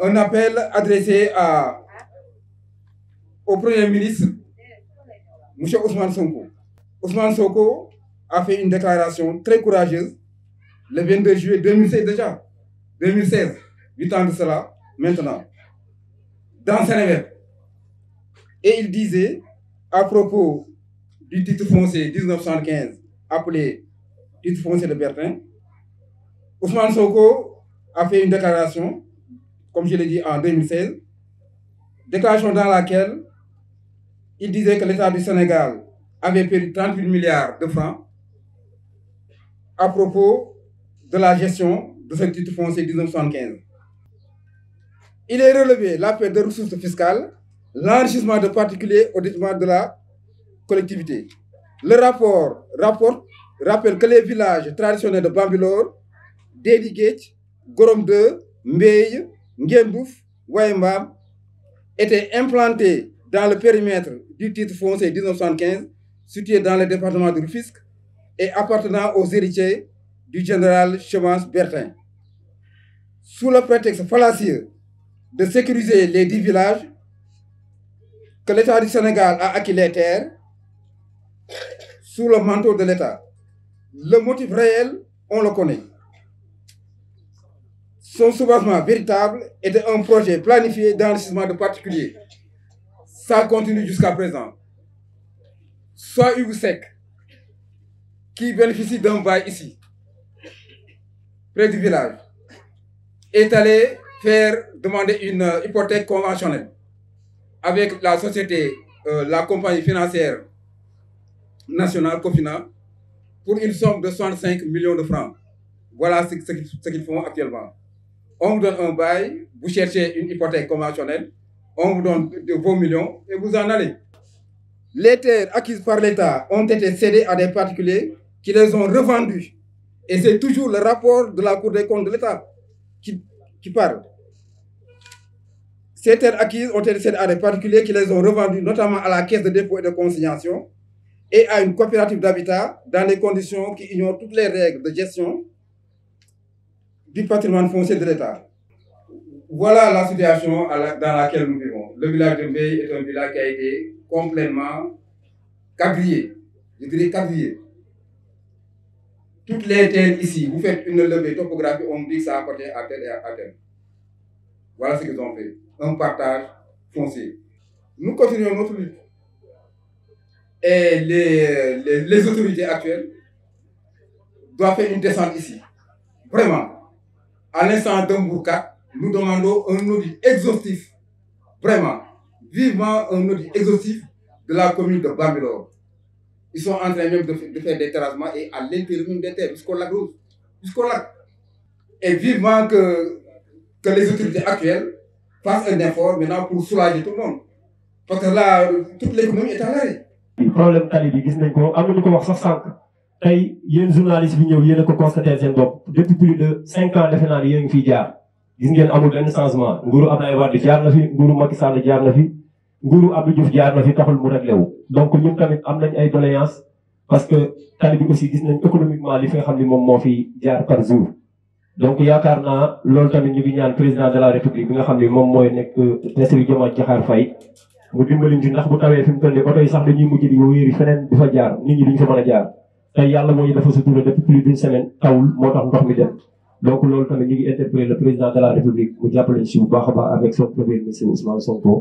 un appel adressé au Premier ministre, M. Ousmane Sonko. Ousmane Soko a fait une déclaration très courageuse le 22 juillet 2016 déjà, 2016, 8 ans de cela, maintenant, dans Sénégal. Et il disait, à propos du titre foncier 1915, appelé titre foncier de Bertin, Ousmane Soko a fait une déclaration comme je l'ai dit en 2016, déclaration dans laquelle il disait que l'État du Sénégal avait perdu 38 milliards de francs à propos de la gestion de ce titre foncier 1975. Il est relevé la perte de ressources fiscales, l'enrichissement de particuliers au détriment de la collectivité. Le rapport, rappelle que les villages traditionnels de Bambilor, Dédiguet, Goromde, Meille, Ngembouf Waimba était implanté dans le périmètre du titre foncier 1975, situé dans le département du Rufisque et appartenant aux héritiers du général Chemance Bertin. Sous le prétexte fallacieux de sécuriser les dix villages que l'État du Sénégal a acquis les terres, sous le manteau de l'État. Le motif réel, on le connaît. Son soubassement véritable était un projet planifié d'enrichissement de particuliers. Ça continue jusqu'à présent. Soit sec qui bénéficie d'un bail ici, près du village, est allé faire demander une euh, hypothèque conventionnelle avec la société, euh, la compagnie financière nationale Cofina pour une somme de 65 millions de francs. Voilà ce qu'ils font actuellement on vous donne un bail, vous cherchez une hypothèque conventionnelle, on vous donne de vos millions et vous en allez. Les terres acquises par l'État ont été cédées à des particuliers qui les ont revendues. Et c'est toujours le rapport de la Cour des comptes de l'État qui, parle. Ces terres acquises ont été cédées à des particuliers qui les ont revendues, notamment à la Caisse de dépôt et de consignation et à une coopérative d'habitat dans des conditions qui ignorent toutes les règles de gestion du patrimoine foncier de l'État. Voilà la situation dans laquelle nous vivons. Le village de Veille est un village qui a été complètement quadrillé. Je dirais quadrillé. Toutes les terres ici, vous faites une levée topographique, on dit que ça appartient à tel et à terre. Voilà ce qu'ils ont fait. Un partage foncier. Nous continuons notre lutte. Et les autorités actuelles doivent faire une descente ici. Vraiment à l'instant d'Ambourka, nous demandons un audit exhaustif, vraiment, vivement un audit exhaustif de la commune de Bambilor. Ils sont en train même de, faire des terrassements et à l'intérieur des terres, jusqu'au lac jusqu'au Et vivement que, que les autorités actuelles fassent un effort maintenant pour soulager tout le monde. Parce que là, toute l'économie est à l'arrêt. problème tey yéen journaliste bi ñëw yéen a ko constaté seen bopp depuis plus de cinq ans defe naa ne ngi fiy jaar gis ngeen amul benn changement nguuru Abdoulaye Wade jaar na fi nguuru Macky Sall jaar na fi nguuru Abdou Diouf jaar wu. donc ñun tamit am nañ ay doléances parce que tali bi aussi gis nañ économiquement li fi nga xam ne moom moo fi jaar par jour. donc yaakaar naa loolu tamit ñu ngi ñaan président de la république bi nga xam ne moom mooy nekk Bassirou euh, Diomaye Diakhar Faye mu dimbali ñu ndax a jaar. tey yàlla mooy dafa sutura depuis plus semaine tawul moo tax ndox mi dem donc loolu tamit ñu ngi interpellé le président de la république mu jàppale ci bu baax a baax avec son premier ministre Ousmane Sonko.